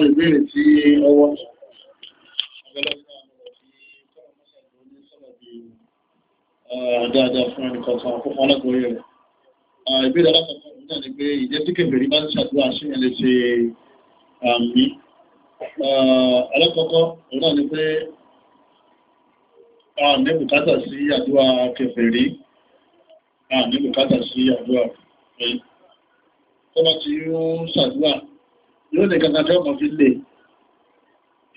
àwọn ìbéèrè tí ọwọ́ dáadáa fún ẹnìkan kan fún ọlọ́gbọ̀n rẹ̀. ìbéèrè alákọ̀ọ́kọ́ náà ni pé ìjẹ́ tí kèbèrè bá ń ṣàdúrà sí ẹ̀ lè ṣe àmì. alákọ̀ọ́kọ́ náà ni pé àmì bùkátà sí àdúrà kèbèrè àmì bùkátà sí àdúrà rẹ̀. tọ́lá ti ń ṣàdúrà yóò ní kankan tí ọmọ fi lè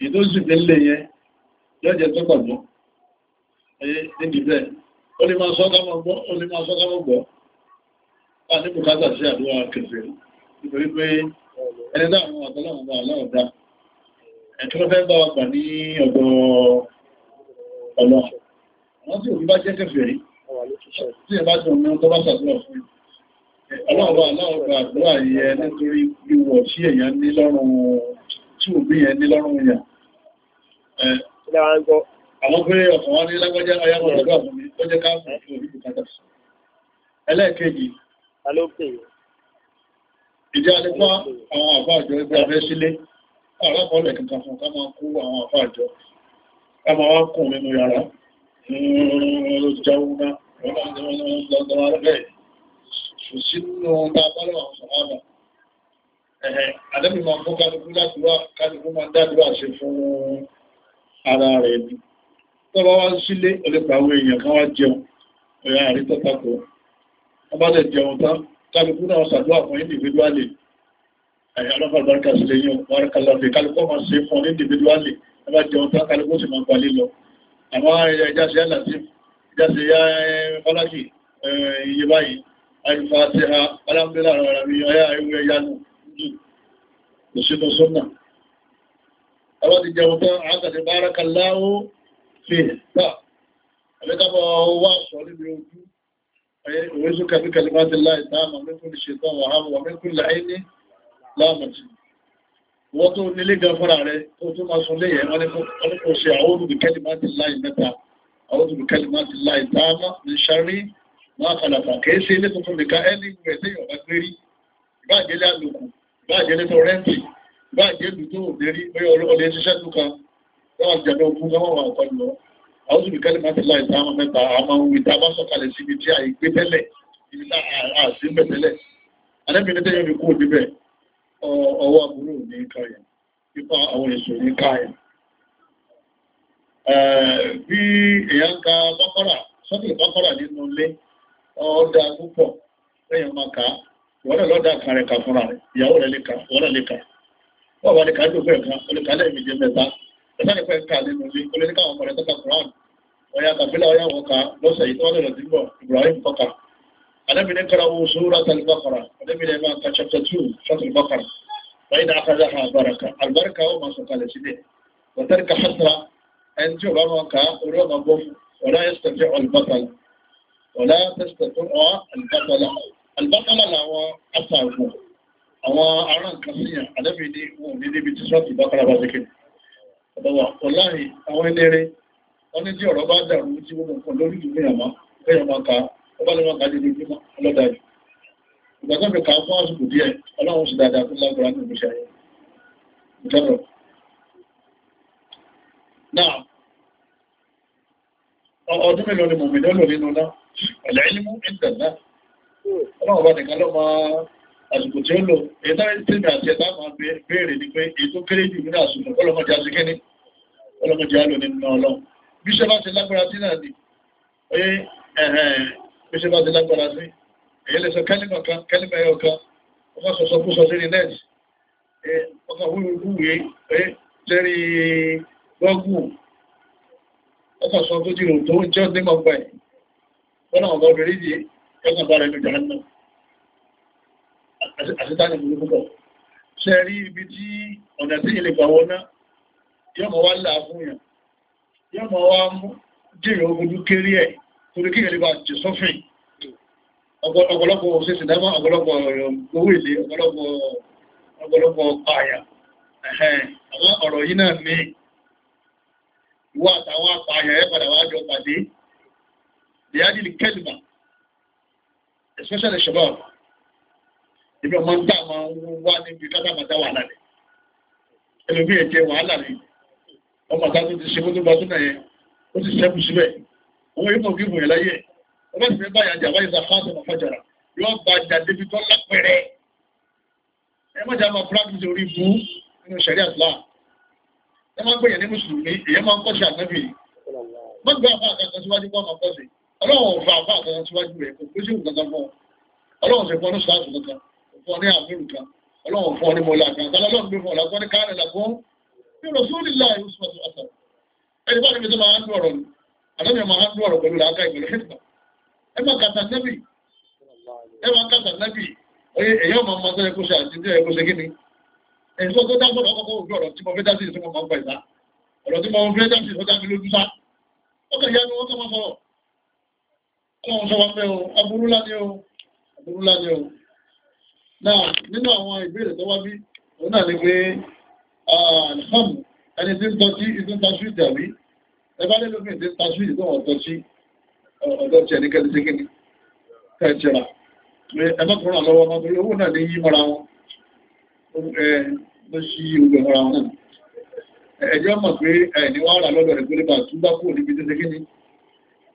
ìdó sì fi lè yẹn yóò jẹ tó pàgbọ́ ẹyẹ níbi bẹ́ẹ̀ ó lè máa sọ kámọ́ gbọ́ ó lè máa sọ kámọ́ gbọ́ wà ní bùkátà sí àdúrà kẹfẹ́ nítorí pé ẹni dáhùn àtọ́lọ́wọ̀n bá aláwọ̀ dá ẹ̀tọ́ ló fẹ́ bá wa gbà ní ọ̀dọ̀ ọlọ́run wọ́n Ọlọ́run aláwọ̀ àdúrà yẹ nítorí ìwọ̀ tí èèyàn ní lọ́rùn tí òbí yẹn ní lọ́rùn yà. Àwọn pé ọ̀sán wọn ní lágbájá ayáwọ̀ ọ̀dọ́ àwọn mi, ó jẹ́ káàkùn Ìdí kò sí nínú ohun tá a bá lọ́wọ́ fún ọ̀nà àdẹ́bí máa fún kálukú ládùúrà kálukú máa dádùúrà ṣe fún ara rẹ̀ ni tó bá wá sílé ọlẹ́pàá àwọn èèyàn kan wá jẹun ọ̀yà àrítọ́ tako wọ́n bá lè jẹun tán kálukú náà ṣàdúrà fún individually ọlọ́fàdúrà sílé yín wọ́n kálọ́fẹ́ kálukú máa ṣe fún individually wọ́n bá jẹun tán kálukú sì máa gbalé lọ àwọn ìjáṣẹ́ yá láti ìjáṣẹ́ yá fálákì iye báyìí alifatiha alámbílá àwọn àmì ọyá ìwé yánú kò sínú súnnà àwọn ti jẹun tán àkàtì bárakàláwó fi tà àbíkàbọ̀ wà sọ níbi ojú ìwé sókè bí kalimati láì táàmà mẹ́kún lè ṣetán wà hàn wà mẹ́kún lè àìní láàmàtì wọ́n tó nílé gan fúnra rẹ̀ tó tó máa sún léyẹ̀ wọ́n ní kò ṣe àwọn olùbìkẹ́lì máti láì mẹ́ta àwọn olùbìkẹ́lì máti láì táàmà ní ṣarí máa kàlàkà kìí ṣe ilé tuntun nìkan ẹni ìwẹ̀ tí yọ̀ bá gbé rí ìbáàjẹ́ lé àlòkù ìbáàjẹ́ lé tó rẹ́ǹtì ìbáàjẹ́ lù tó òde rí pé ọlẹ́ ṣiṣẹ́ tó kan láwọn ìjàmbá ogun lọ́wọ́ wà ọ̀kan lọ àwọn òbí kẹ́lẹ́ máa ti a a sí mẹ́ tẹ́lẹ̀ alẹ́bìnrin tẹ́yọ̀ fi kú òbí bẹ́ẹ̀ ọwọ́ àbúrò ní káyà nípa àwọn èso ní káyà bí èèyàn ka bọ́kọ́rà sọ́kìlì bọ́kọ́rà nínú ilé ọ̀ọ́dà púpọ̀ lẹ́yìn ọmọ ká wọ́n náà lọ́dà kan rẹ̀ kà fúnra rẹ̀ ìyàwó rẹ̀ lè kà wọ́n náà lè kà wọ́n wà lè kà dùn fún ẹ̀ka ó lè kà lẹ́yìn méje mẹ́ta ẹ̀ka lè fẹ́ kà nínú ilé ó lè ní káwọn ọmọ rẹ̀ tọ́ka Quran ọ̀yà kàfílà ọ̀yà wọn kà lọ́sẹ̀ yìí tó wọ́n lè lọ́dún bọ̀ Ibrahim kọ́ka àdẹ́bìnrin kára wo sùúrù àtàlùbákàrà àdẹ́bìnrin máa ka chapter two sọ́tàlùbákàrà báyìí náà akadá ha àbáraka àlùbáríkà ó máa sọ̀kalẹ̀ sílẹ̀ wọ́tẹ́rì ká hásra ẹni tí ò bá máa ka orí ọmọ bọ́ ọ̀rá ẹ̀sítẹ̀fẹ́ ọ̀lùbákàrà ọ̀la tẹ̀sítẹ̀ tó ọ́ àlùbákọ́lá àlùbákọ́lá làwọn aṣàgùn àwọn ará nǹkan síyàn àdẹ́bí ní wọn ní débi tí sọ́ọ̀tì bákọ́lá bá dékè ọ̀dọ̀wà ọ̀láyìn àwọn eléré wọn ní tí ọ̀rọ̀ bá dàrú tí gbogbo nǹkan lórí ìlú ìyàmá kéèyàn máa ka ọba lọ́wọ́ ká dédé bímọ ọlọ́dà yìí ìgbà tó fi kà fún àsìkò díẹ̀ ọlọ́run sì dáadáa fún lágbára ní ìgbésẹ̀ ayé ìjọba náà ọdún mélòó ni mọ̀mí lọ́lọ́ nínú náà ẹ̀lẹ́yìnmú ìdàgbà ọlọ́wọ́ bá nìkan ló máa àsìkò tí ó lò èyí táwọn tí mi àti ẹ̀dá máa béèrè ni pé èyí tó kéré jù nínú àsùnù ọlọ́mọdé àti kíní ọlọ́mọdé á lò nínú ọlọ́run bí ṣe bá ti lágbára sí náà ni oye bí ṣe bá ti lágbára sí èyí lè sọ kẹ́límà kan kẹ́límà ọdún mọ́gbà yìí tọ́nà ọ̀gá obìnrin yìí ẹgbọ́n bá rẹ̀ ní jàánà àṣítàní ìlú púpọ̀ ṣe rí ibi tí ọ̀nà tí ilẹ̀ gbà wọná yọ́ mọ̀ wá láà fún yàn yọ́ mọ̀ wá jèrè ogunjú kéré ẹ̀ torí kí ẹ̀lẹ́bà jẹ sọ́fìn ọ̀pọ̀lọpọ̀ òṣèṣì dámọ́ ọ̀pọ̀lọpọ̀ um, owó èlé ọ̀pọ̀lọpọ̀ pààyà àwọn ọ̀rọ̀ yìí náà ní ìwọ àtàwọn لهذه الكلمة especially الشباب ibi ọmọ ń dá àwọn wá níbi kátàmátà wà lálẹ́ ẹlòmíì ẹ̀jẹ̀ wàhálà rẹ̀ ọmọ ọ̀gá tó ti ṣe kótó bá tó náà yẹn ó ti ṣẹ́kù síbẹ̀ òun yóò kí mò ń láyé ọba sì fẹ́ báyà jà báyìí sàfáà tó máa fàjàrà yóò gba jà débi tó lápẹ̀rẹ̀ ẹ má jà máa practice orí ibú nínú sẹ̀rí àtúlá ẹ má gbẹ̀yẹ̀ ní mùsùlùmí èyẹ máa ń kọ́ṣẹ́ àtẹ́bì ọlọ́run fa àfa àtọ́jọ́ síwájú rẹ̀ kò pèsè nǹkan fún ọ ọlọ́run sì fọ́ ní sàásù kankan fọ́ ní àmúrù kan ọlọ́run fọ́ ní mọ́lá kan tọ́lá ọlọ́run gbé fún ọ̀la fọ́ ní káàrẹ̀ làkún ní rọ̀súlì láì ó sọ́sọ́ àtọ̀ ẹni bá níbi tó máa ń dún ọ̀rọ̀ ni àtọ́jú máa ń dún ọ̀rọ̀ pẹ̀lú làákà ìgbẹ̀lẹ̀ hẹ́tìmá ẹ máa kàtà nẹ́bì ẹ máa kàtà nẹ́bì èyí ọmọ ọmọ sẹ́yẹ kó ṣe àti ní ẹ̀kọ́ ṣe kí ni ẹ̀yìn tó tó dáṣọ́ ọkọ̀ òbí ọ̀rọ̀ tí mo fẹ́ dá sí ìsúnmọ́ máa ń gbà ìta ọ̀rọ̀ tí mo fẹ́ dá sí ìsúnmọ́ dá mi lójú sá ọkọ̀ ìyá ni wọ́n kọ́ mọ́ sọ̀rọ̀ Ọlọ́run sọ wọ́n pẹ́ o, aburú lá ní o, aburú lá ní o. Náà nínú àwọn ìbéèrè tó wá bí, òun náà ni pé àlùfọ́ọ̀mù ẹni tí ń tọ́jú ìdún tajú ìjàwí, ẹ bá lélómi ìdí tajú ìdún ọ̀tọ́jú ọ̀dọ́ ti ẹni kẹ́lí síkíní, kẹ́ẹ̀tìrà. Ẹ mọ́kùnrin àlọ́wọ́ ọmọ torí owó náà ní yí mọ́ra wọn. Ló ṣí ogun mọ́ra wọn náà. Ẹ̀jẹ̀ mọ̀ pé ẹ̀ ní wàhálà lọ́dọ̀ rẹ̀ pé nípa àtúndá kúrò níbi tó ṣe kíní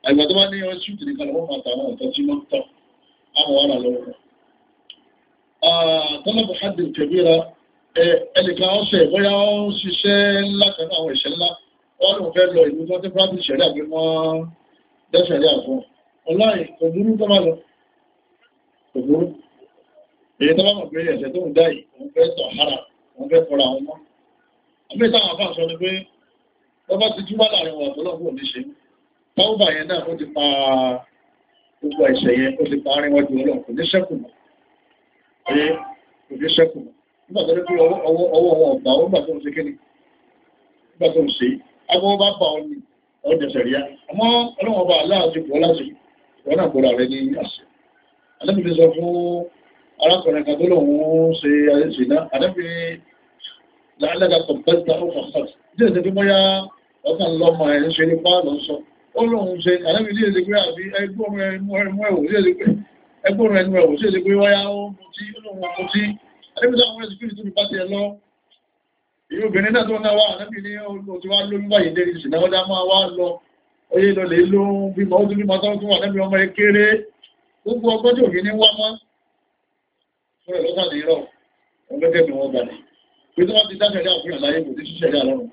àgbà tó bá ní ọ ṣúùtì ní kalẹ̀ wọ́n máa tàwọn ọ̀tọ́ tí wọ́n tọ́ àwọn ọ̀rà lọ́wọ́ tọ́lọ́bù hadi kẹbíra ẹnìkan ọ̀sẹ̀ bóyá ó ń ṣiṣẹ́ ńlá kan àwọn ìṣẹ́ ńlá wọ́n lòun fẹ́ lọ ìlú tó ti practice ṣẹ̀rí àbí wọ́n dẹ́sẹ̀ rí àfún ọláì kò burú tó bá lọ kò burú èyí tó bá mọ̀ pé ẹ̀sẹ̀ tó ń dá yìí òun fẹ́ tọ̀ táwọ́bà yẹn náà ó ti pa gbogbo ẹ̀ṣẹ̀ yẹn ó ti pa arínwájú ọlọ́run kò ní ṣẹ́kù mọ́ ẹ kò ní ṣẹ́kù mọ́ nígbà tó ní pé ọwọ́ ọwọ́ ọ̀gbà ó gbà tó ń ṣe kí ni nígbà tó ń ṣe agbọ́n bá bá ọ ní ọ̀dẹ̀ sẹ̀ríà àmọ́ ọlọ́run ọba aláàjì bọ́ láti wọ́n náà gbọ́dọ̀ rẹ ní àṣẹ alẹ́bìnrin sọ fún arákùnrin kan tó lòun ṣe àyẹ̀sì náà alẹ́bìnrin làálẹ́gà kọ̀m̀pẹ́tà ó fà Ọlọ́run ṣe àlẹ́bí ilé ìlẹ́gbé àbí ẹgbọ́rún ẹnu ẹ̀wò sí ìlẹ́gbé wáyá ohun tí olóòrùn ọkọ̀ tí àlẹ́bí sáwọn ẹ̀sìkú ìtùnú pàtí ẹ lọ. Ìyó obìnrin náà tó náà wá àlẹ́bí ní ọdún tí wá lóyún báyìí dé ìsìn náà dá máa wá lọ. Oyé lọ lè ló ń bímọ ó tún bímọ tó tún wà lẹ́bí ọmọ ekéré. Gbogbo ọgbọ́n tí òbí ní wá mọ́. Fún ẹ̀ lọ́sàn-án ní rọ̀, ọgbẹ́gẹ́ mi wọ́n balẹ̀. Pé tó wá ti dá ṣẹ̀dá òfin àlàyé kò ti ṣiṣẹ́ dá lọ́rùn.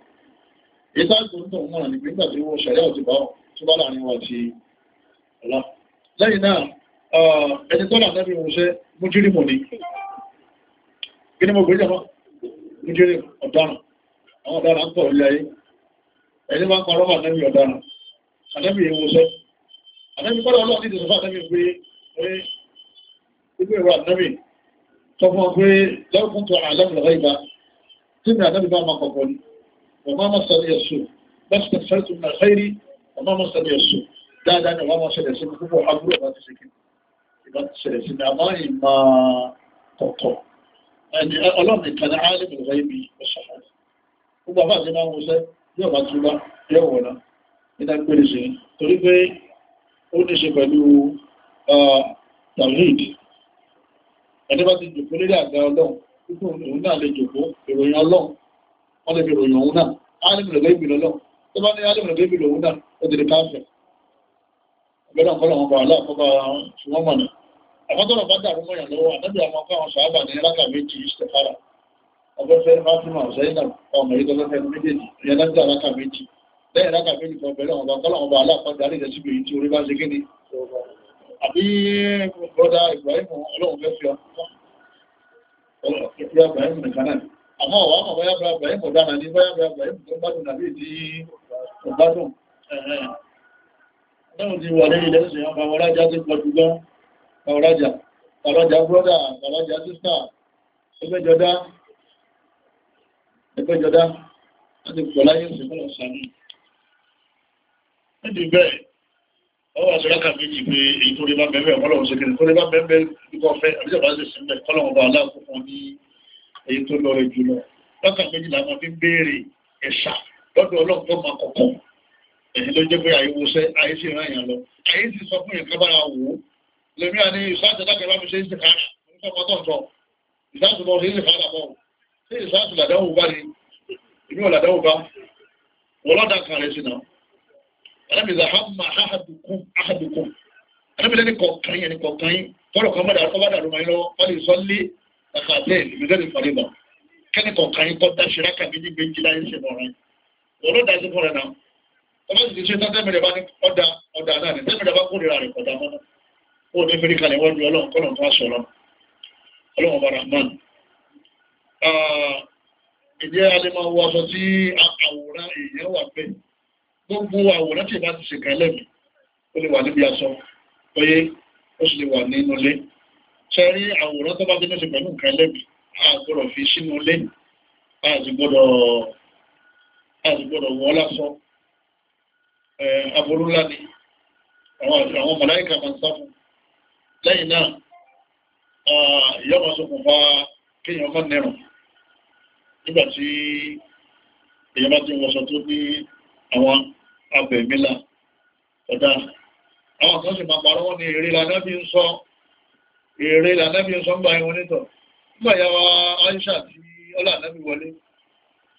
Ìtàkùn tó ń mọ̀ nígbà tí wọ́n ṣẹ̀dá òtí bá wọn tó bá láàrin wa ti ọ̀lá lẹ́yìn náà ẹni tó lànà bí mo ṣe mújírí mò ní gíní mo gbé jẹmọ́ mújírí ọ̀daràn àwọn ọ̀daràn ń pọ̀ ilé ayé ẹni máa ń parọ́ bà nẹ́bí ọ̀daràn ànẹ́bí ewu ṣẹ́ ànẹ́bí kọ́lá ọlọ́run ti tẹ̀sọ́fà ànẹ́bí pé ìgbé ìwà ànẹ́bí sọ fún ọ pé lẹ́kùn tó àlẹ́mù lọ́wọ́ ìgbà tí mi ànẹ́bí bá máa kọ̀kọ́ ni wọ́n máa sọ ní ẹ̀sùn ọmọ ọmọ sọ ní ọ̀sùn dáadáa ni wọ́n mọ́ ṣẹlẹ̀ sí ní púpọ̀ agbúrò ọba ti ṣe kí ìbá ti ṣẹlẹ̀ sí ní àmọ́ ìmọ̀ kọ̀kọ̀ ẹni ọlọ́run ìkan ní áàlì mìíràn ibi ọ̀sán gbogbo àbá àti máa ń wọṣẹ́ yóò bá túbá yóò wọ̀nà nígbà péré sí torí pé ó ní ṣe pẹ̀lú tawhid ẹni bá ti jòkó lórí wọ́n lè fi ìròyìn òun náà áàlì mìíràn ibi ọlọ́run tó bá ní alìmọ̀ débì lòun náà ó ti di káfẹ́ ọgbẹ́dọ̀ kọ́lọ̀ wọn bá wà láàkọ́bá ṣùgbọ́n mọ̀nà àkọ́tọ̀rọ̀ bá dàrú mọ́yàn lọ́wọ́ àtẹ́bí àwọn káwọn sàábà ní rákà méjì ìṣẹ̀fàrà ọgbẹ́fẹ́ fátímà ọ̀sẹ́yìnà ọmọ ìdọ́gbẹ́fẹ́ méjèèjì ìyẹn láti àrákà méjì lẹ́yìn rákà méjì kan bẹ̀rẹ̀ ọ̀bá kọ́lọ̀ ọba aláàpàdé àríjẹ síbi èyí tí orí bá ṣe kí ni àbí bọ́dá Ibrahim ọlọ́run fẹ́ fi ọ̀pọ̀ Ibrahim nìkan náà àmọ́ ọ̀wá mọ̀ bọ́yá Ibrahim ọ̀dánà ní bọ́yá Ibrahim tó gbádùn nàbí ti ọ̀gbádùn ẹ̀ẹ̀ náà ti wà lẹ́yìn lẹ́sùn yàn bàwọ́lájá ti pọ̀ jù gan bàwọ́lájá bàwọ́lájá brọ́dà bàwọ́lájá sísà ẹgbẹ́jọdá ẹgbẹ́jọdá láti pọ̀ láyé ìsìnkúnlọ̀ sàmì ẹ̀dì bẹ́ẹ̀ ọwọ́ àṣíraka méjì pé èyí tó lè bá bẹ̀rẹ̀ ọlọ́run ṣe kìrì tó lè bá bẹ̀rẹ̀ ikọ̀ ọ̀fẹ́ àbíjọba ṣe sí mẹ́ kọ́lọ̀wọ̀n bá aláàkùnkùn ní èyí tó lọ rẹ̀ jùlọ lọ́kà méjì làwọn fi lọ́dọ̀ ọlọ́run yóò máa kọ̀kọ́ èyí ló jẹ́ pé àyíwọ́sẹ́ ayé sì rán èèyàn lọ ayé sì sọ fún èèyàn kábàrà wò ó lèmi àní ìsáàtì lákẹ́ bá mi ṣe ìsìnká nípa pátọ̀ sọ ìsáàtì lọ sí ìsìnká àbọ̀ sí ìsáàtì làdáwò bá ni èmi ò làdáwò bá wọ́n lọ́dà kan rẹ̀ sí náà ẹlẹ́mi ìzàhámà áhàdùkún áhàdùkún ẹlẹ́mi lẹ́ni kọ̀ọ̀kan yẹn ni kọ̀ọ̀kan yín tọ́lọ̀ kan mọ́dà ọkọ̀ bàdà lọ́mọ yín lọ́wọ́ wọ́n lè sọ lé àkàtẹ́ ìgbésẹ̀ ìfàlẹ́ bọ̀ kẹ́ni kọ̀ọ̀kan yín kọ́ dá ṣe rákà méjì méjì láyé ṣe bọ̀ ọ̀rọ̀ yín òun ló dá sí fúnra náà ọmọ sì ti ṣe tán tẹ́mìrẹ̀ bá ní ọ̀dà ọ̀dà náà ní tẹ́mìrẹ̀ bá kórìíra rẹ̀ kọ̀dà mọ́nà ó ní fẹ́rí kalẹ̀ wọ́n ju ọlọ́run kọ́nà tó aṣọ lọ ọlọ́run bá rahman ìjẹ́ alẹ́ máa wọ aṣọ tí àwòrán èèyàn wà pẹ́ gbogbo àwòrán tí ìbá ti ṣe kan lẹ́mìí ó lè wà níbi aṣọ oyé ó sì lè wà nínú ilé ṣe rí àwòrán tó bá dé ní ṣe pẹ̀lú nǹkan lẹ́mìí àgbọ̀rọ̀ fi sínú ilé àti gbọ́dọ̀ àgbọ̀dọ̀ wọ́ lásọ aburú ńlá ni àwọn màláìkà máa ń sá fún lẹ́yìn náà ìyá máa ṣokùnfà kéèyàn máa nẹ̀rùn nígbà tí èèyàn bá ti wọṣọ tó ní àwọn abẹ̀mílà ọ̀dà àwọn kan sì máa parọ́ wọn ní eré lànà bí ń sọ eré lànà bí ń sọ ń gba ẹ̀wọ̀n nítọ̀ nígbà yà wá Aisha tí ọlà bí wọlé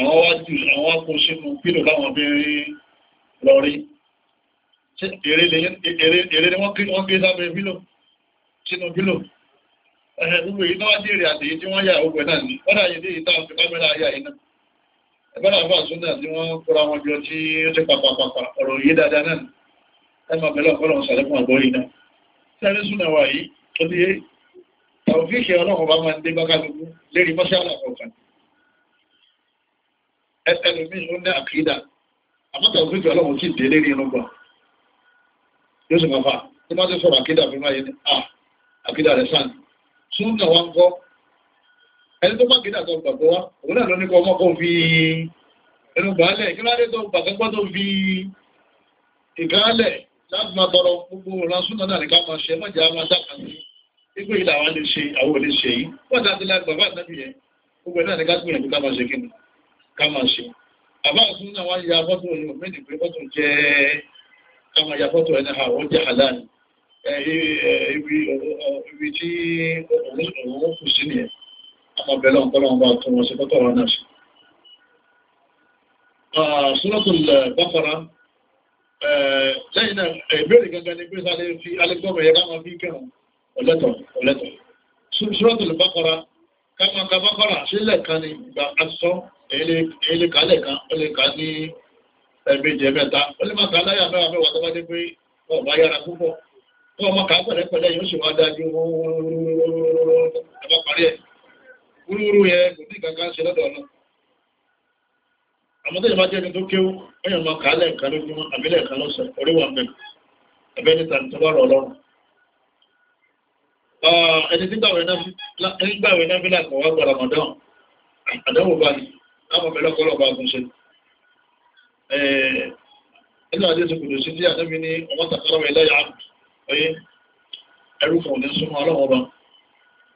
àwọn wájú àwọn kò sínú pílò láwọn obìnrin lọ rí èrè ni wọ́n gbé sábẹ́ pílò sínú pílò ẹ̀rẹ̀ gbogbo èyí náà jèrè àti èyí tí wọ́n yà ogun náà ní wọ́n dàyè léyìí táwọn fi kámẹ́rà ayà iná ẹgbẹ́rẹ́ àfà súnà tí wọ́n kóra wọn jọ tí ó ti pàpàpàpà ọ̀rọ̀ yìí dáadáa náà ẹ máa bẹ̀rẹ̀ ọ̀pọ̀lọ̀ sàlẹ́kùn àgbọ̀ yìí náà sẹ́rẹ́ súnà wà yìí tó ti yé tàwọn fíìkì ọlọ́run bá máa ẹsẹ̀ lómi ló ní àkídà àmọ́tà òfin ọlọ́run sì dé lérí inú gbà yóò sì máa fà tí wọ́n ti sọ̀rọ̀ àkídà fún máa yé ni à ah, àkídà rẹ̀ sàn súnà wa ń kọ́ ẹni tó bá àkídà tó gbàgbọ́ wa òun náà ló ní kọ́ ọmọ kan fi ẹnu gbàálẹ̀ kí ló dé tó gbàgbọ́ tó fi ìgbàálẹ̀ láti máa tọrọ gbogbo ọ̀ràn súnà náà ní ká máa ṣe mọ́jà máa ṣe àwọn olè kama ṣe àbá ìsún náà wá ya fọ́tò ní òmìnì pé fọ́tò jẹ́ kama ya fọ́tò ẹni ha wọ́n jẹ́ halal ibi tí òun kù sí nìyẹn àmọ́ bẹ̀rẹ̀ ọ̀pọ̀lọ́ ọba tó wọ́n sí fọ́tò wọn náà sí. Suratul Baqara lẹ́yìn náà ìbéèrè gangan ni pé sáré fi alẹ́gbọ́mọ̀ yẹ ká fi kẹrùn ọ̀lẹ́tọ̀ ọ̀lẹ́tọ̀ Suratul Baqara ká èlé kálẹ̀ kan ó lè ká ní ẹ̀mẹ́jẹ mẹ́ta ó lè má ká láyà mẹ́wàá mẹ́wàá tó bá dé pé ọ̀bá yára púpọ̀ tó ọmọ kà pẹ̀lẹ́pẹ̀lẹ́ yóò ṣe wá dájú ẹ̀bá parí ẹ̀ wúrúwúrú yẹ kò ní kankan ṣe lọ́dọ̀ ọ̀nà àmọ́ tó yẹ bá jẹ́ ẹni tó kéwú ẹ̀yàn máa kà á lẹ́ẹ̀kan lójúmọ́ àbí lẹ́ẹ̀kan lọ́sẹ̀ orí wà mẹ́rin ẹ̀bẹ́ níta tó bá rọ̀ ọlọ́run ẹni tí gbàwẹ̀ náà fi láàkọ̀ wá gbọ́ra mọ̀dán àdánwò bá ní àwọn ọ̀pẹ̀lọpọ̀lọ bá gúnṣe ẹ̀ẹ́nà àdéṣe kùdù sí tí àdébí ní ọmọ tàkàrọ̀wẹ̀ lẹ́yà ọyẹ́ ẹrú kan ní súnmọ́ ọlọ́wọ́ bá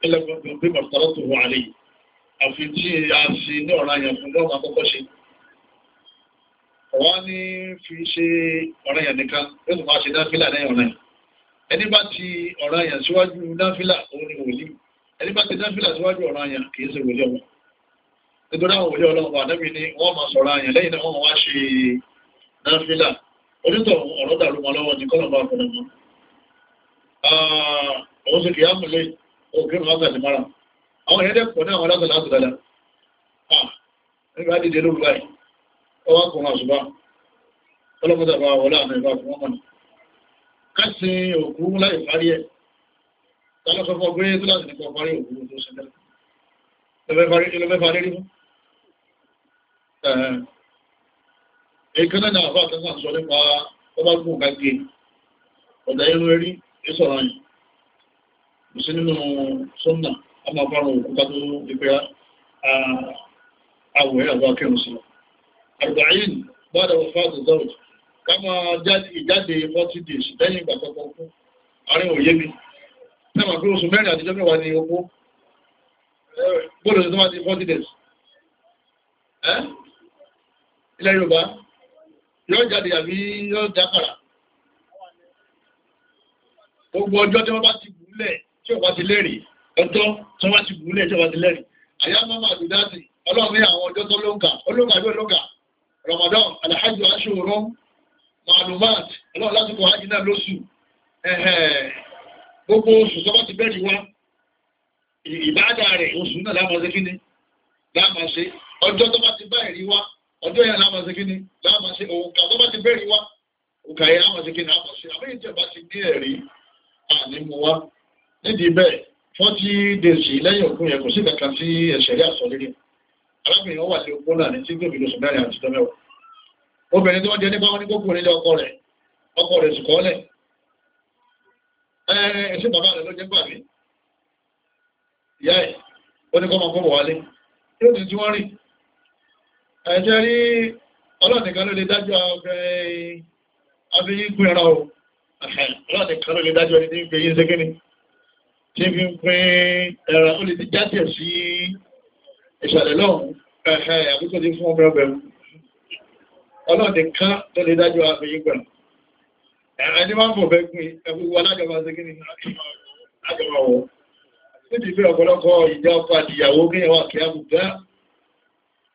ẹlẹ́gbẹ̀gbẹ̀ bí bàtàrà tó wà lè àfi tí a sì ní ọ̀rọ̀ àyàn fún lọ́wọ́ àkọ́kọ́ ṣe ọ̀wá ní fi ṣe ọ̀rọ̀ àyàn nìkan ó sì máa ṣe náfìlà lẹ́yìn ọ̀rọ̀ àyàn ẹni bá ti ọ̀rọ̀ àyàn síwájú náfìlà òun ni wòlíì ẹni bá ti náfìlà síwájú ọ̀rọ̀ àyàn kì ṣe wòlíì ọ̀wọ́ nítorí àwọn òlé ọlọ́pàá ni wọ́n máa sọ̀rọ̀ àyàn lẹ́yìn náà wọ́n máa wá ṣe náfílà onítọ̀ ọ̀rọ̀ dàrú wọn lọ́wọ́ ní kọ́lọ̀bá fún ọmọ àwọn sì kìí ámùlé òkèrè wákàtí mara àwọn ẹ̀ẹ́dẹ́ pọ̀ ní àwọn alágbàlá àtùdàlá ah, nígbà dìde ló gbáyì ọwá kò máa ṣùgbá ọlọ́pàá bá wọlé àmì ìbá fún ọmọ kásì òkú láì parí ẹ̀ tálọ́sọ́fọ́ gbé tó láti nípa parí òkú tó ṣẹlẹ̀ lọ́fẹ́ ẹ̀ẹ̀kan na àwọn àtẹ́sà sọ nípa ọba gùn káàkiri ọ̀dà irun erí ìsọ̀rọ̀ yìí kò nínú sọ́nà a òkúta tó ìpẹ́ àwẹ̀ àwọn akẹ́rùn ọzọ àrùbáyìn bára wọ́fà àtẹ́sàwọ̀ ká ìjáde 40 days lẹ́yìn ilẹ̀ Yorùbá yóò jáde àbí yóò dákàrà gbogbo ọjọ́ tí wọ́n bá ti gúnlẹ̀ tí ọba ti lẹ́rì ọjọ́ tí wọ́n bá ti gúnlẹ̀ tí ọba ti lẹ́rì àyà mọ́mọ́ àdúdáàtì ọlọ́run àwọn ọjọ́ tó lóǹkà olóǹkà yóò lóǹkà Ramadan alhaji aṣòro malumat ọlọ́run lásìkò hajj náà lóṣù gbogbo oṣù tó bá ti bẹ́ẹ̀ ni wá ìbáàdà rẹ̀ oṣù náà láwọn ṣe kí ni láwọn ṣe ọjọ́ tó bá ti bá ẹ̀rí wá ọjọ́ yẹn láàmà sí kíní láàmà sí òǹkà tó bá ti bẹ̀rẹ̀ wá òǹkà yẹn láàmà sí kíní àmọ̀ sí àbẹ́yẹ ìjọba ti ní ẹ̀rí àní mu wá nídìí bẹ́ẹ̀ fọ́tí dèsì lẹ́yìn òkun yẹn kò sí kankan sí ẹ̀ṣẹ̀ rí àsọ líle arábìnrin wà sí opó náà ní tí gbèbí lóṣù mẹ́rin àti tọ́mẹ́wà obìnrin tó wọ́n jẹ nípa wọn ní gbogbo nílé ọkọ rẹ̀ ọkọ rẹ̀ sì kọ́lẹ̀ ẹ̀ṣẹ̀ bàbá rẹ̀ ló jẹ́ gbàgbé ìyá ẹ̀ ó ní kọ́ máa kọ́ wọlé yóò ti tí wọ́n rìn ẹ̀jẹ́ rí ọlọ́nìkan ló lè dájọ́ abẹ́yìn pín ẹran o ọlọ́nìkan ló lè dájọ́ ẹni tí ń pè yí ṣégíní tí fi ń pín ẹran ó lè ti jáde sí ìṣàlẹ̀ lọ́hùn ẹ̀ẹ́ àkókò tí fún ọmọ ẹgbẹ̀rún ọlọ́nìkan ló lè dájọ́ abẹ́yìn pẹ̀lú ẹ̀rẹ́ ní máa ń fòfẹ́ gbìn ẹgbùgbọ́ alájọba ṣégíní alájọba wọ̀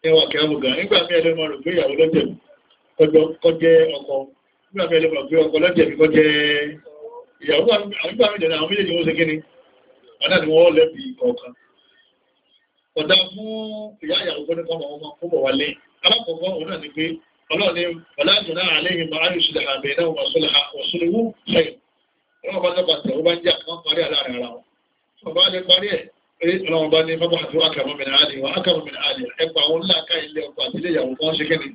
ẹwà kí nígbà mí ẹlẹ́mọ̀ rò pé ìyàwó lọ́jẹ̀ kọjẹ́ ọkọ nígbà mí ẹlẹ́mọ̀ pé ọkọ lọ́jẹ̀ mi kọjẹ́ ìyàwó nígbà mí ìdẹ̀nà àwọn méjèèjì wọ́n ṣe kíni ọ̀dà ni wọ́n lẹ́bi kọ̀ọ̀kan ọ̀dà fún ìyá ìyàwó kọ́ nípa ọlọ́run bá ní fọ́bọ̀ àti wákàmọ́ mẹ́rin àlè wọ́n ákàmọ́ mẹ́rin àlè ẹgbà àwọn ńláka ilé ọkọ̀ àti ilé ìyàwó kan ṣe kẹ́ni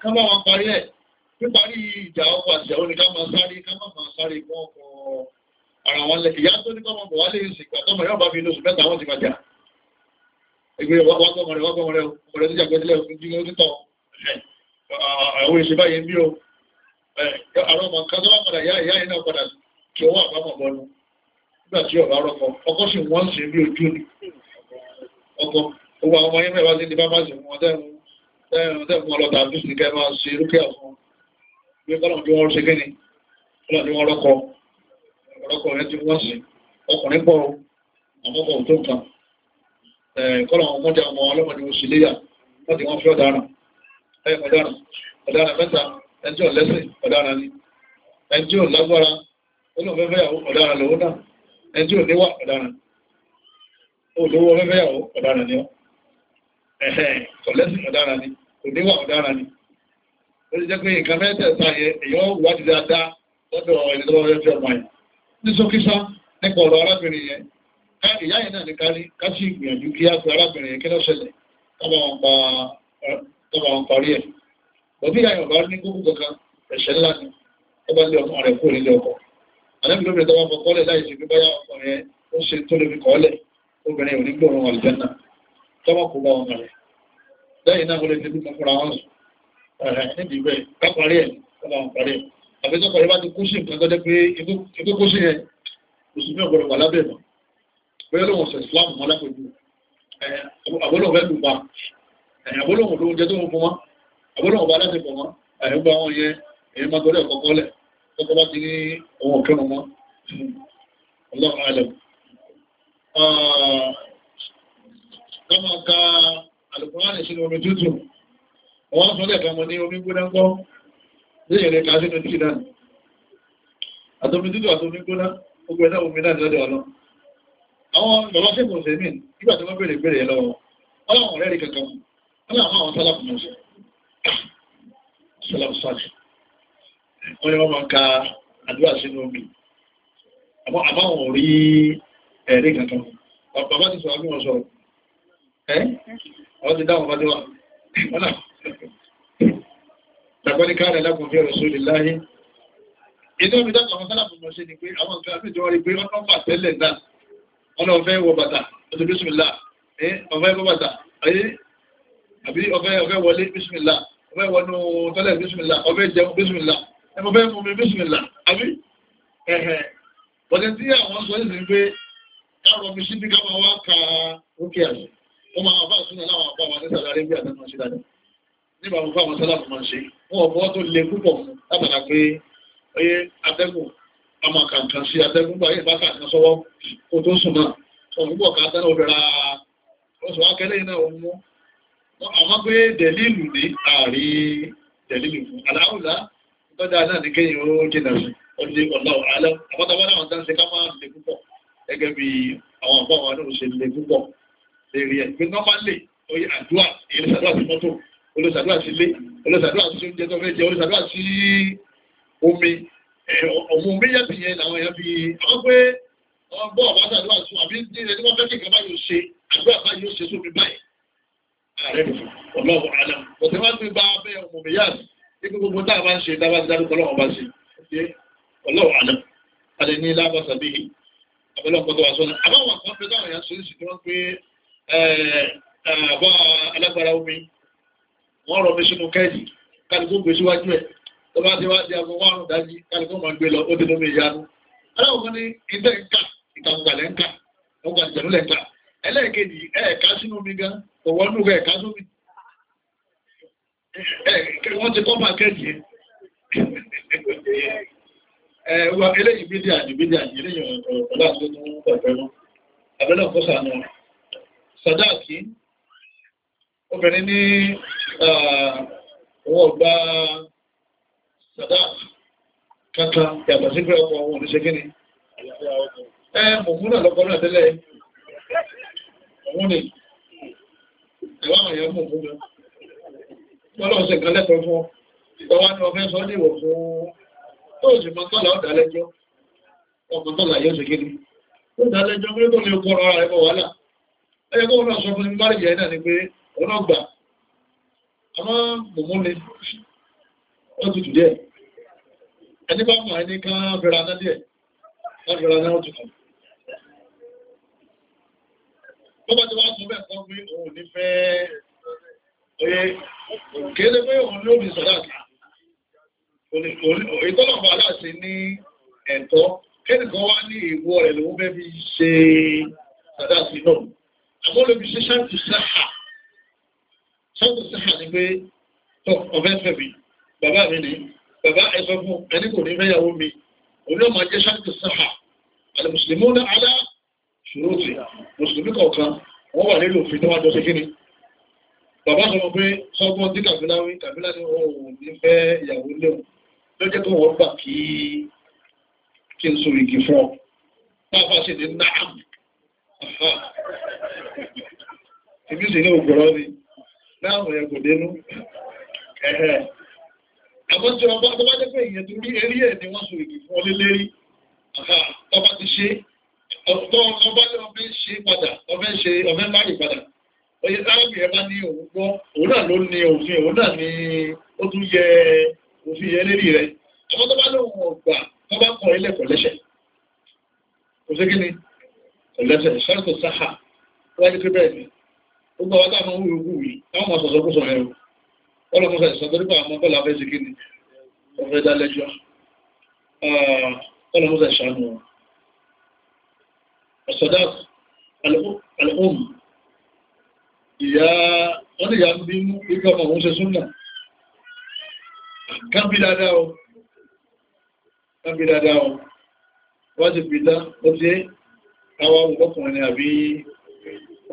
ká máa wọn parí ẹ̀ píparí ìjà ọkọ̀ àti ìyàwó ni ká máa sáré ká máa máa sáré fún ọkọ̀ ara wọn lẹ ìyá tó ní kọ́ ọmọ wálé ìsìn ìgbà tọ́mọ yóò bá fi inú oṣù mẹ́ta wọn ti gbàjà ìgbé wákọ̀mọ̀rẹ́ wákọ̀mọ̀rẹ́ ọmọdé tó jàgbé sílẹ̀ ojú ní ojú tọ̀ àwọn èsì báyìí ń bí o àwọn ọmọ kan tó wá padà yá ìyá yìí náà padà kí owó àbámọ̀ nígbà tí ọ̀bá rọ́kọ ọkọ sì wọ́n sì bí ojú ni ọkọ owó àwọn ọmọ mẹ́wàá sí ni bá máa sì wọn tẹ́rùn tẹ́rùn ọlọ́dà tó sì kẹ́ máa ṣe rúkẹ́ ọ̀fún bí ọlọ́run tí wọ́n ṣe kí ni wọ́n rọ́kọ rẹ̀ ti wọ́n ọkùnrin pọ̀ tó kọ́lọ̀ ọmọ jẹ́ ọmọ ọlọ́mọdé oṣù léyà wọ́n fi ọ̀daràn ọ̀daràn ẹjú ò léwà ọ̀daràn olówó ọ̀fẹ́fẹ́yàwó ọ̀daràn ni ọ́ ẹ̀hẹ́ kọ̀lẹ́sìn ọ̀daràn ni òníwà ọ̀daràn ni ó ti jẹ́ pé nǹkan mẹ́tẹ̀ẹ̀ta yẹ èyàn wádìí dáadáa lọ́dọ̀ ẹni tó wọ́n fẹ́ ọmọ yẹn ní sókísá nípa ọ̀rọ̀ arábìnrin yẹn ká ìyá yẹn náà ní kárí ká sì gbìyànjú kí á pe arábìnrin yẹn kí lọ́ ṣẹlẹ̀ tọ́ba wọn parí ẹ̀ bọ̀dí ìyá yẹn ọ̀bá ni àlẹ́bí lóbìnrin tó bá fọ kọ́lẹ̀ láì ṣe bíbáyà ọkùnrin ó ṣe tó lè fi kọ́lẹ̀ obìnrin ò ní gbòòrùn àlùjànnà tọ́wọ́ kó bá wọn rẹ̀ lẹ́yìn náà ó lè ti bí kan fúnra wọn sùn ẹ̀rẹ̀ níbi bẹ́ẹ̀ káparí ẹ̀ tọ́ba wọn parí ẹ̀ àbí bá ti kú sí nǹkan tọ́jẹ́ pé ikú kú sí yẹn islam mọ́ lápẹ̀jù àbólóhùn fẹ́ lù bá àbólóhùn lóhùn jẹ́ tó ń fún wọn àbólóhùn bá láti pọ̀ wọn àyẹ̀wò àwọn yẹn tọ́kọ bá ti ní ohun kírun mọ́ ọlọ́run alẹ́ lọ́mọ ka alùpùpù sínú omi tútù wọ́n sọ lẹ́ẹ̀kan mọ́ ní omi gbóná gbọ́ ní ìrẹ́ ká sínú tí náà àtomi tútù àtomi gbóná gbogbo ẹ̀dá omi náà lọ́dọ̀ ọlọ́ àwọn bàbá sí kò sẹ́mì nígbà tí wọ́n bèrè bèrè lọ́wọ́ ọlọ́run rẹ̀ rí kankan wọ́n láwọn àwọn sálàkùnmọ̀ọ́sẹ̀ sálàkùnmọ̀ọ́sẹ̀ wọ́n yẹ wọ́n máa ka àdúrà sínú omi àbáwọn orí ẹ̀rí kankan bàbá ti sọ̀rọ̀ bí wọ́n sọ̀rọ̀ ẹ́ àwọn ti dáwọn fàdíwà wọ́n náà tàbí ní káàrẹ̀ lákùn fi ọ̀rọ̀ sórí láyé inú omi dákọ̀ àwọn sálàpù mọ̀ sí ni pé àwọn nǹkan àbíjọ rí pé wọ́n náà pàtẹ́lẹ̀ náà wọ́n náà fẹ́ wọ bàtà ọdún bísmìlá ọfẹ́ wọ bàtà àbí ọfẹ́ wọlé bísmìlá ọfẹ́ wọnú tọ́lẹ̀ bísmìlá ọfẹ́ jẹun bísmìlá ẹmọ bẹ́ẹ̀ mú mi bísmìlá àbí ẹ̀hẹ̀ ọ̀dẹ̀ tí àwọn sọ èsì ń gbé káàrọ̀ mi sí bí ká máa wá ka ókè àṣẹ wọ́n máa bá àtúnà láwọn àpá wa nísàlẹ̀ arébíà tó máa ṣe dáadáa nígbà wọn fáwọn sálàmù máa ṣe wọn ò fọwọ́ tó le púpọ̀ mú látara pé oyè atẹ́gùn a máa kà nǹkan sí atẹ́gùn gbà yìí bá kà nǹkan sọ́wọ́ kó tó sùn náà wọn púpọ̀ ká tẹ́lẹ̀ obìnrin oṣù akẹ́lẹ́ yìí náà wọ́n mú àmọ́ pé dẹ̀lílù ní àárín dẹ̀lílù fún aláwùlá tọ́jà náà ní kéyìn ó jìnà sí ọdí ọ̀láwọ̀ alẹ́ àpátápátá wọn dáńsẹ ká máa lè púpọ̀ gẹ́gẹ́ bí àwọn àpá wọn náà ṣe lè púpọ̀ lérí ẹ̀ pé nọ́mbà lè oye àdúrà èyí ṣàdúrà sí mọ́tò olóṣàdúrà sí ilé olóṣàdúrà sí oúnjẹ tó fẹ́ jẹ olóṣàdúrà sí omi ọmọ méjèèjì yẹn làwọn èèyàn fi àwọn pé wọn gbọ́ ọ̀bá ṣàdúrà sùn àbí ní ilẹ̀ tí wọ́n fẹ́ kékeré báyìí ó ṣe àdúrà báyìí ó ṣe sómi báyìí ààrẹ nìkan ọlọ́run àlàm ọ̀tẹ̀ wá ti gba abẹ́ ọmọ méjèèjì ikú gbogbo tá a bá ń ṣe tá a bá ti dárúkọ ọlọ́wọ́n bá ṣe ṣe ọlọ́wọ́ àná alẹ́ ní lábàṣà bíi abẹ́lẹ́ ọ̀pọ̀tọ̀ wàásù náà àbáwọn kan fẹ́ táwọn èèyàn ṣe ń sì tí wọ́n pé àbá alágbára omi wọ́n rọ̀ mi sínú kẹ́ẹ̀dì kálukú gbé síwájú ẹ̀ tó bá ti wá di aago márùn-ún dájú kálukú máa gbé lọ ó ti lómi ìyanu aláwọ̀ kan ní ilé ńkà ìtàkùnkà lẹ́ńkà ọgbà ìjẹ̀nu lẹ́ńkà ẹlẹ́ẹ̀kejì ẹ̀ẹ̀ká sínú omi gan kò wọ́n nù ẹ̀ẹ̀ká wọ́n obìnrin ní owó ọgbà sàdáàkì kankan yàtọ̀ sí pé ọkọ̀ wọn oníṣẹ́ gíní ẹ mọ̀múnà lọ́kọ́ náà tẹ́lẹ̀ mọ̀múnì ẹ̀wọ̀n àyẹ̀mọ̀ mọ̀múnà lọ́lọ́run ṣe kan lẹ́tọ̀ọ́ fún ìtọ́wá ní ọfẹ́ sọ ní ìwọ̀ fún tó sì mọ́ tọ́lá ọ̀dà lẹ́jọ́ ọmọ tọ́lá yóò ṣe kéde ó dá lẹ́jọ́ pé tó lè kọ́ ara ẹ̀kọ́ wàhálà ẹ̀yẹ kó náà sọ fún ni pé ọ̀nà gbà àmọ́ mọ̀mọ́ ni ó tutù díẹ̀ ẹni bá mọ̀ ẹni kan bẹ̀rẹ̀ aná díẹ̀ wọ́n bẹ̀rẹ̀ aná tutù bọ́bá ti wá sọ bẹ́ẹ̀ kọ́ pé òun ní fẹ́ẹ́ kéèlé pé òun ló bí sọ̀dáàkì ìtọ́lọ̀pọ̀ aláṣẹ ní ẹ̀tọ́ kéèlé kan wá ní ìwọ rẹ̀ lòun fẹ́ fi ṣe sọ̀dáàkì náà àmọ́ lóbi ṣe ṣáàtì sáà ṣáàtì sáà ni pé tọ́ ọ̀fẹ́ fẹ́ mi bàbá mi ni bàbá ẹ̀fẹ́ fún ẹni kò ní fẹ́yàwó mi òun náà máa jẹ́ ṣáàtì sáà àti mùsùlùmí ó ṣòro ti mùsùlùmí kọ̀ọ̀kan wọ́n wà nílò òfin tó wá jọ sí kíni bàbá kan mọ̀ pé ọgbọ́n tí kàbílá wí kàbílá ní ọ̀hún ní fẹ́ ìyàwó léwọ̀n ló jẹ́ tó wọ́n gbà kí kí n so igi fún ọ pàápàá sì ní náà èmi sì ní ògbòrò ni láàrùn ẹ̀kọ́ dénú ẹ̀hẹ́ àbọ́jọ́ ọba tó bá jẹ́ pé èèyàn tó rí eré ẹ̀ ni wọ́n so igi fún ọ lélẹ́rí ọba ti ṣe ọba ọba ṣe padà ọbẹ̀ ṣe ọbẹ̀ máa padà oye sáàbì ẹ bá ní òun gbọ́ òun náà ló ní òfin òun náà ní ó tún yẹ òfin yẹ lérí rẹ̀ àwọn tó bá lóun ọgbà tó bá kọ ilé kò lẹ́sẹ̀ kò sí kíni kò lẹ́sẹ̀ ṣáàtò sáà wáyé pé bẹ́ẹ̀ ni ó gbọ́ wákà máa ń wúwo wúwo yìí àwọn ọmọ sọ̀sọ̀ kó sọ ẹ̀rọ ọlọ́mọsọ̀ ìsọ̀tọ́rípà àwọn bọ́lá fẹ́ sí kíni ọ̀fẹ́ dálẹ́jọ́ ọlọ́mọsọ̀ ah, ìṣàánú ọ̀sọ̀dá alùpùpù ìyá wọ́n ni ìyá ń bí mú ikọ̀ ọmọ òun ṣe súnmà kábí dáadáa o kábí dáadáa o wọ́n ti fi dá ó ti àwọn ọkùnrin àbí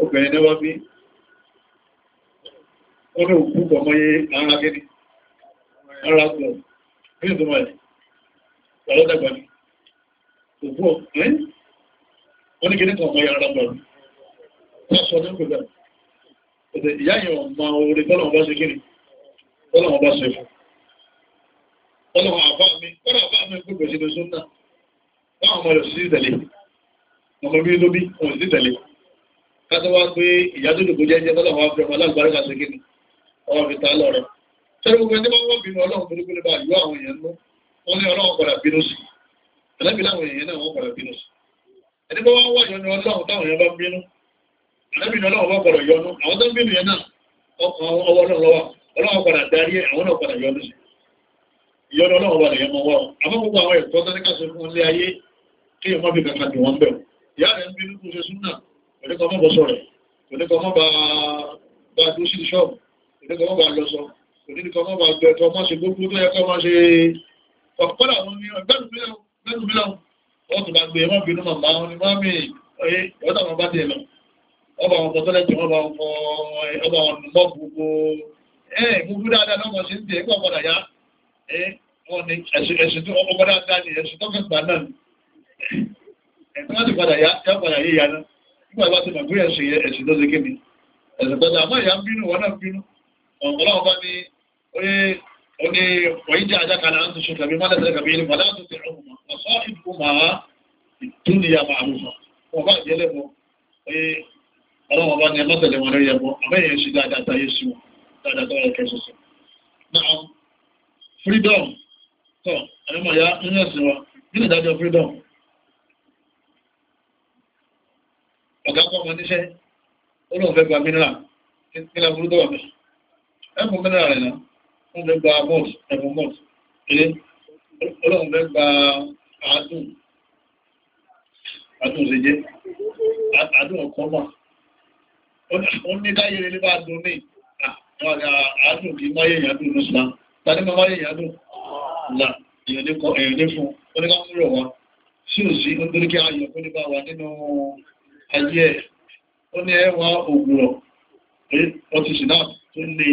obìnrin náwá bí ó ní òkú kọmọye ara gẹ́ni ara gùn ní ìdúnmọ̀ ẹ̀ ọlọ́dàgbà ni ìyá yìí ọmọ orí tọ́lọ̀wọ́ bá ṣe kí ni tọ́lọ̀wọ́ bá ṣe fún tọ́lọ̀wọ́ àbá mi tọ́lọ̀ àbá mi gbogbo ṣe lóṣù náà láwọn ọmọ rẹ̀ sí ìtẹ̀lé ọmọ bí lóbi wọn sí ìtẹ̀lé kátọ́ wá pé ìyá tó dùkú jẹ́jẹ́ tọ́lọ̀wọ́ fi ọmọ alágbáríkà ṣe kí ni ọmọ fi ta lọ́rọ̀ tọ́lọ̀ gbogbo ẹni máa wọ́n bínú ọlọ́run tó dúkú nípa ìlú àwọn èèyàn nú wọ́n ní ọlọ́run padà bínú sí ẹlẹ́bí láwọn èèyàn náà wọ́n padà bínú sí ẹni bá Àlẹ́bìnrin ọlọ́wọ́ gbọ́dọ̀ yọnu, àwọn tó ń bínú yẹn náà, ọwọ́ ọlọ́wọ́ ọlọ́wọ́ padà darí ẹ̀, àwọn náà padà yọnu sí. Ìyọ́nà ọlọ́wọ́ padà yẹn mọ́ wọ́n. Àmọ́ gbogbo àwọn ẹ̀kọ́ tó ní ká ṣe fún ilé ayé kí ọmọ bí kankan dùn wọ́n bẹ̀. Ìyá rẹ̀ ń bínú kú ṣe súnà, kò ní kọ́ mọ́ bọ́ sọ̀rọ̀, kò ní kọ́ mọ́ bá dúró sí ṣọ́ọ̀bù, kò ní kọ́ mọ́ bá lọ sọ, kò ní kọ́ mọ́ bá gbẹ̀ tọ́ mọ́ ṣe gbogbo tó yẹ kọ́ mọ́ ṣe ọ̀pọ̀lá àwọn ní ọgbẹ́rùn-ún mílọ̀ ọ̀tún bá gbé mọ́ bínú màmá wọn ni mọ́ mi ọ̀yẹ́ ọ̀tọ̀ mọ́ bá tiẹ̀ lọ ọba wọn kọ tọ́lẹ̀ jù ọba wọn fọ ọba wọn mọ́ gbogbo ẹ̀ gbogbo dáadáa lọ́mọ sí ń tẹ̀ ẹgbẹ́ ọ̀padà yá ẹ̀ wọ́n ní ẹ̀sùn tó ọkọ̀ dáadáa ní ẹ̀sùn tó fẹ́ gbà náà ẹ̀sùn láti padà yá yá padà yé yá náà nígbà bá ti màgbé ẹ̀sùn yẹ ẹ̀sùn tó ṣe ké mi ẹ̀sùn tó ṣe àmọ́ ìyá ń bínú wọn náà ń bínú ọ̀pọ̀lọpọ̀ bá ní ó ní wọ́n jẹ́ ajá kan náà ń tuṣu kàbí mọ́lẹ̀ tẹ́lẹ̀ kàbí ìlúmọ̀ láti tẹ̀ ọ̀hún mọ́ ọ̀sọ́ ìdúkú màá ìdúnìyà màá mú mọ́ wọn bá jẹ́ lẹ́mọ́ ọlọ́wọ́ bá ní ẹlọ́tẹ̀lẹ̀ wọn lórí ẹbọ àbẹ́yẹn sí dáadáa tayé sí wọn dáadáa tó yẹ náà freedom tọ àdúgbò ya nínú ẹ̀sìn wa nínú ìdájọ́ freedom ọ̀gá kọ́ ọmọ níṣẹ́ ó lóun fẹ́ gba mineral nílẹ̀ burúkú wà bẹ́ẹ̀ ẹ̀fún mineral rẹ̀ náà wọ́n fẹ́ gba malt ẹ̀fún malt ilé ọlọ́run gba àádùn àádùn ṣe jẹ́ àádùn ọkọ̀ náà ní láyé rẹ̀ ní bá dùn ní ah, àádùn kí mọ́ èèyàn dùn ní ṣùgbọ́n tàbí mọ́ èèyàn dùn là èèyàn ní kan èèyàn ní fún oníkàmúrọ̀ wọn sí ò sí nítorí kí ayọ̀ kó ní bá wà nínú ayé ẹ̀ ó ní ẹwà òwúrọ̀ pé wọ́n ti ṣìnà tó lè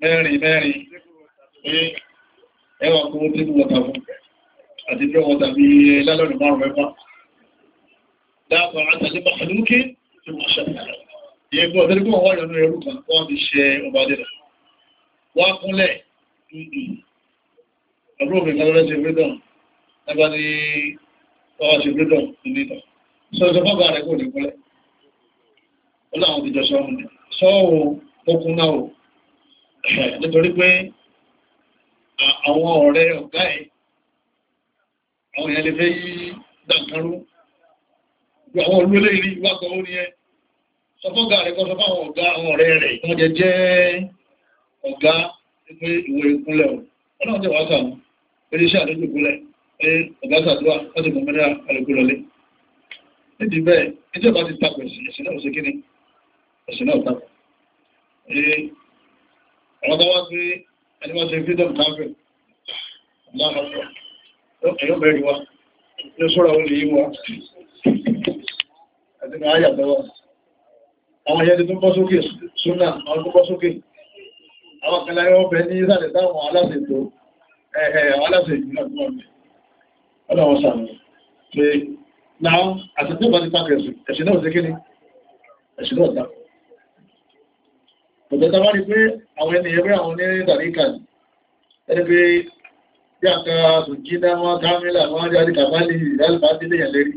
mẹ́rin mẹ́rin pé ẹwà kó tí wọ́n ta fún àti bí wọ́n eh, tàbí lálọ́rin márùn-ún mẹ́fà dáàbò àtàlẹ́ màkàlùkì tí wọ́n ṣe Ìyẹ̀gbọ́n ọ̀dẹ́lẹ́gbọ́n wọ́n yọ̀nú ẹrú kan wọ́n ti ṣe ọba dẹ́dà. Wọ́n kúnlẹ̀ ọdún mm-hmm. òfin kan lọ́rẹ́ ṣe freedom lábá ní ọwọ́ ṣe freedom nítọ̀. Sọ ìṣọ́ bàbá rẹ̀ kò ní kúnlẹ̀. Ó láwọn ti jọ sọ́ọ̀mù ni. Sọ́ọ̀wọ̀ okun náà nítorí pé àwọn ọ̀rẹ́ ọ̀gá ẹ̀ àwọn èèyàn lè fẹ́ yí dàǹkanrú. Àwọn olú eléyìí wá sọ ó ní ẹ sọ fún ọ̀gá rẹ̀ kọ́ sọ fún àwọn ọ̀gá àwọn ọ̀rẹ́ rẹ̀ wọ́n jẹ jẹ́ ọ̀gá pé ìwé ìkúnlẹ̀ ọ̀nà ọ̀jẹ̀ wàásù àwọn oníṣẹ́ àdójú ìkúnlẹ̀ pé ọ̀gá sàdúrà láti mọ̀ mẹ́rẹ́ àlùkù lọlé. níbi bẹ́ẹ̀ ẹjọ́ bá ti tapọ̀ ẹ̀sìn ẹ̀sìn náà ṣe kí ni ẹ̀sìn náà tapọ̀. àwọn tó wá sí ẹni wá sí freedom cafe ẹ̀yọ́ bẹ̀rẹ̀ wa ló àwọn yẹni tó bọ́ sókè súnà àwọn tó bọ́ sókè àwọn kẹlẹ̀ yọ́ bẹ ní ìsàlẹ̀ táwọn aláṣẹ tó ẹ̀ẹ̀ aláṣẹ ìjìnà tó wọ́n ọlọ́wọ́ sàmì pé náà àti tó bá ti pàkẹ̀ ẹ̀ṣẹ̀ náà dékẹ́ ni ẹ̀ṣẹ̀ náà dá ọ̀tọ̀ta wá ní pé àwọn ẹni ẹgbẹ́ àwọn ní ìdàríkà ẹni pé bí àkàrà sùn jí náà wọ́n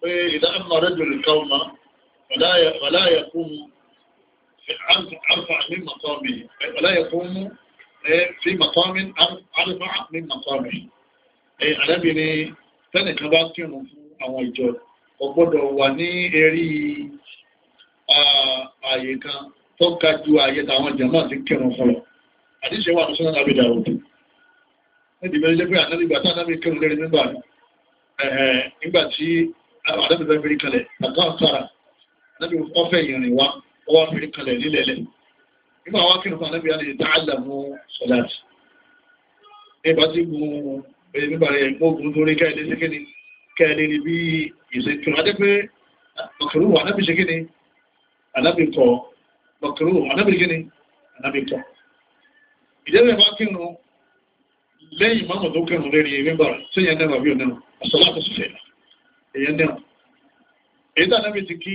pé ìdá àmà rẹ̀ jùlọ káwọ́mà wàláyà fún àrùfà ní màkọ́mì wàláyà fún fi màkọ́mì àrùfà ní màkọ́mì àdábì ni tẹ́nìkan bá kírun fún àwọn ìjọ ó gbọ́dọ̀ wà ní erí ààyè kan tó ga ju ààyè táwọn jàmáà ti kírun fún lọ àdíṣe wà ní sọ́nà àbídà òdù níbi ìbẹ̀rẹ̀ jẹ́ pé ànábìgbà tí ànábì lérí nígbà àdábì bá fi rí kalẹ̀ àtọ́ àtàrà àdábì ọ̀fẹ́ ìrìn wa ọwọ́ fi rí kalẹ̀ nílẹ̀lẹ̀ nígbà wá kí nìkan àdábì alẹ́ dáàlà mú sọ̀láàtì ní ìbá tí gun ẹni nígbà rẹ̀ gbógun lórí káyọ̀dé ṣe kí ni káyọ̀dé ni bí ìṣètò adé pé mọ̀kìrú àdábì ṣe kí ni àdábì kọ̀ mọ̀kìrú àdábì kí ni tó kírun lórí mímbà tó yẹn náà bí ọ̀nà àsọ̀lá èyàn dẹ̀wọ̀n èyí tàà náà ti kí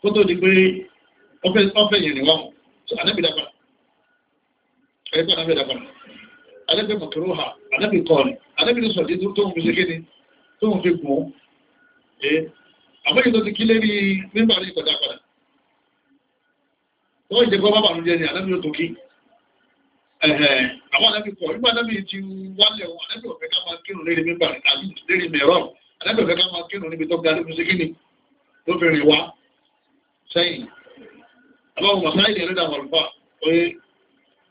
kó tó di pé ọfẹ́ yìí níwọ̀n tó ànábì dàgbà èyí tàà náà dàgbà ànábì mọ̀kúrú ha ànábì kọ́ọ̀lì ànábì ní sọ̀dí tó ń fi ṣe kéde tó ń fi gùn ẹ́ àbẹ́yìn tó ti kí lérí nígbà rí ìkọ̀dà padà wọ́n ìjẹ́kọ́ bábà ló ni ànábì ló tó kí àwọn ànábì kọ̀ nígbà ànábì ti wálẹ̀ wọn ànábì ọ̀fẹ́ ká máa kírun lérí mímbà alábẹ̀fẹ́ ká máa kírun níbi tó ga lóbi sí kíni ló fi rìn wá sẹ́yìn àbáwọn màsáìlì ẹ̀rẹ́dà wọn fà pé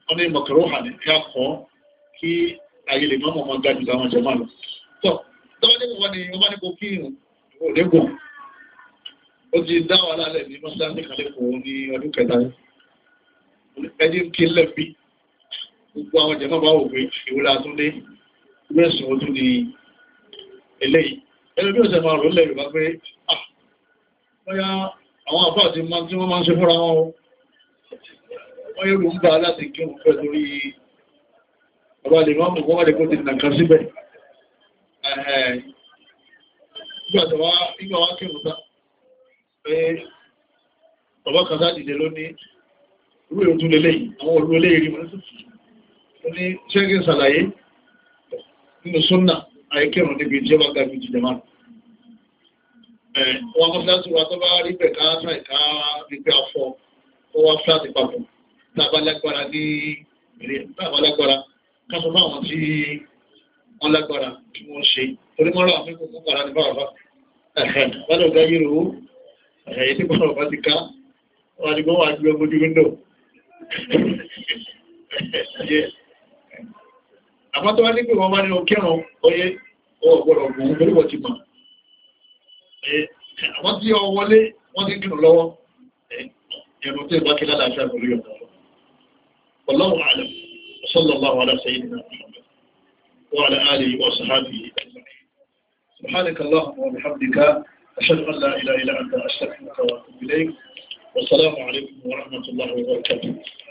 wọ́n ní mọ̀kẹ́rọ̀ hàn ká kọ́ kí ayé lè má mọ̀ máa ga jù táwọn jẹ́ máa lọ. tọ́ tọ́wọ́ ní wọn ni wọ́n bá ní kó kírun ò lẹ́gùn ó ti dá wàhálà lẹ̀ ní mọ́sáàsì kan lẹ́kọ̀ọ́ ní ọdún kẹta ẹni kí n lẹ́bi gbogbo àwọn jẹ́ bá wò pé ìwúlà tún dé mẹ́sàn-án ní eléyìí ẹni bí ọ̀sẹ̀ máa rò lẹ́rù bá pé bóyá àwọn àpá àti máa tí wọ́n máa ń ṣe fúnra wọn wọ́n yóò rú ń bá láti kí wọ́n fẹ́ torí ọba lè máa mú wọ́n wádìí kó ti nàkan kan sá dìde àìkẹ́rùn níbi jẹ́ wà gàbí jù jẹmà wọn kọ́ fíláṣí wa tó bá rí bẹ̀ ká tán ìka wípé afọ ó wá fíláṣí papọ̀ tábà lágbára ní ilé tábà lágbára káfọ́ máa wọn tí wọ́n lágbára kí wọ́n ṣe torí mọ́ra àwọn mẹ́kọ̀ọ́ kó para ní báwa wọ́n lọ́gá yìí rò ó ẹ̀yẹ́ tí bọ́ọ̀rọ̀ bá ti ká wọ́n adigun wà ju ọmọdé àmọ́ tó wá ní pé wọ́n bá ní ọkẹ́rùn oyé ọgbọ̀rọ̀ ògùn pẹ̀lú wọ́n ti mọ̀ àwọn tí ọ wọlé wọ́n ti kìrù lọ́wọ́ ẹ̀rùn tí ìbá kílá láti àgbòrí ọ̀dọ̀ ọlọ́run àlẹ́ sallallahu ala sayyidina Muhammad wa ala alihi wa sahbihi سبحانك اللهم وبحمدك أشهد أن لا إله إلا أنت أستغفرك وأتوب إليك والسلام عليكم ورحمة الله وبركاته